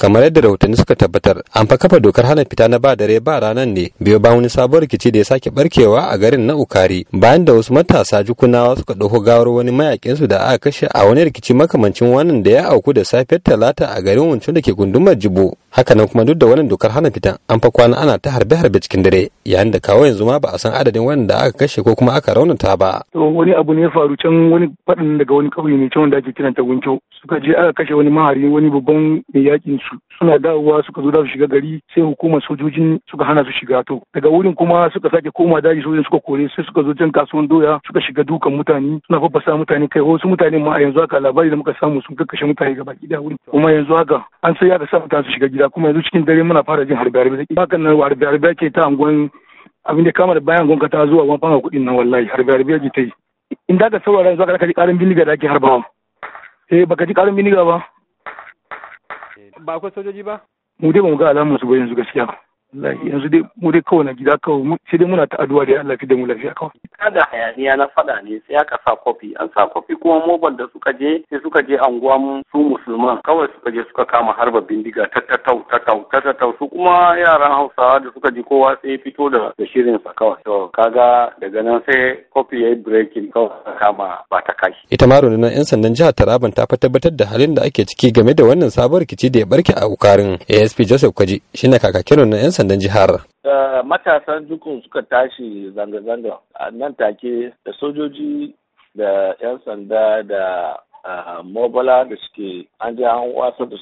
kamar yadda rahotanni suka tabbatar an fa kafa dokar hana fita na ba dare ba ranan ne biyo ba wani sabuwar rikici da ya sake barkewa a garin na ukari bayan da wasu matasa jukunawa suka ɗauko gawar wani mayakin su da aka kashe a wani rikici makamancin wannan da ya auku da safiyar talata a garin wancan da ke gundumar jibo hakanan kuma duk da wannan dokar hana fitan an fa kwana ana ta harbe harbe cikin dare yayin da kawo yanzu ma ba a san adadin da aka kashe ko kuma aka raunata ba wani abu ne ya faru can wani faɗin daga wani kauye ne can wanda ake kiranta gunco suka je aka kashe wani mahari wani babban yakin su suna dawowa suka zo da su shiga gari sai hukumar sojojin suka hana su shiga to daga wurin kuma suka sake koma daji sojojin suka kore sai suka zo jan kasuwan doya suka shiga dukan mutane suna fafasa mutane kai wasu mutane ma a yanzu haka labari da muka samu sun kakkashe mutane gaba da wurin kuma yanzu haka an sai aka sa mutane su shiga gida kuma yanzu cikin dare muna fara jin harbe harbe hakan nan harbe harbe ke ta angon abin da kama da bayan gonka ta zuwa wani fanga kuɗin nan wallahi harbe harbe ji ta yi in da ka saurara yanzu haka ka ji karin bindiga da ake harbawa eh baka ji karin bindiga ba ba ko sojoji ba mu dai ba mu ga alamun su ba yanzu gaskiya wallahi yanzu dai mu dai kawai na gida kawai sai dai muna ta addu'a da Allah da mu lafiya kawai da hayaniya na faɗa ne sai aka sa kofi an sa kofi kuma mobal da suka je sai suka je anguwa su musulman kawai suka je suka kama harba bindiga ta ta tau ta tau ta ta tau su kuma yaran Hausawa da suka je kowa sai fito da da shirin sa kawai to kaga daga nan sai kofi yayi breaking kawai kama ba ta kashi ita ma rundunar yan sandan jihar Taraban ta tabbatar da halin da ake ciki game da wannan sabuwar rikici da ya barke a ukarin ASP Joseph Kwaji shine kakakin na yan sandan jihar. Eh, matasan dukun suka tashi zanga-zanga nan take da sojoji da 'yan sanda da ah, mobala da suke an ji an wasa da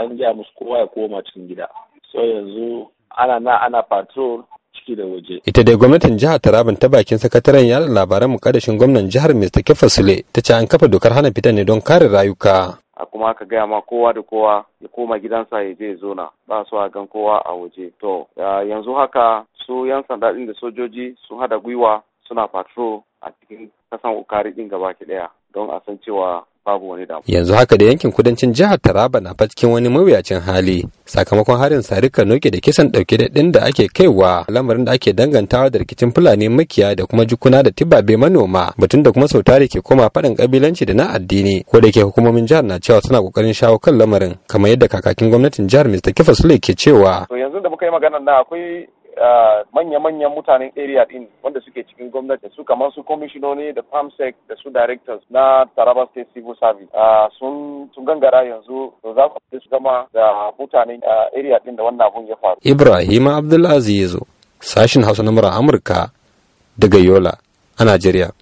an gya musu kowa ya koma cikin gida. So yanzu ana na ana patrol ciki da waje. Ita dai gwamnatin jihar Taraban ta bakin sakataren yada labaran mukaddashin gwamnan jihar Mr. Kefa Sule ta ce an kafa dokar hana fitar ne don kare rayuka. a kuma aka gaya ma kowa da kowa ya koma gidansa ya je ya zona ba su a gan kowa a waje to yanzu haka su yan sanda da sojoji su hada gwiwa suna patrol a cikin kasan ukari din gaba ki daya don a san cewa babu wani damu. Yanzu haka da yankin kudancin jihar Taraba na cikin wani mawuyacin hali sakamakon harin sarika noke da kisan dauke da din da ake kaiwa lamarin da ake dangantawa da rikicin Fulani makiya da kuma jukuna da tibabe manoma batun da kuma sautari ke koma faɗin kabilanci da na addini ko da ke hukumomin jihar na cewa suna kokarin shawo kan lamarin kamar yadda kakakin gwamnatin jihar Mr. Kifa Sule ke cewa. To yanzu da muka yi magana na akwai Uh, manya-manyan mutanen area din wanda suke cikin gwamnati su kamar su komishinoni da farmsec da su directors na taraba state civil service uh, sun gangara yanzu da za su gama da mutanen uh, area din da wannan abun ya faru ibrahim abdulaziz sashin hausa na amurka daga yola a najeriya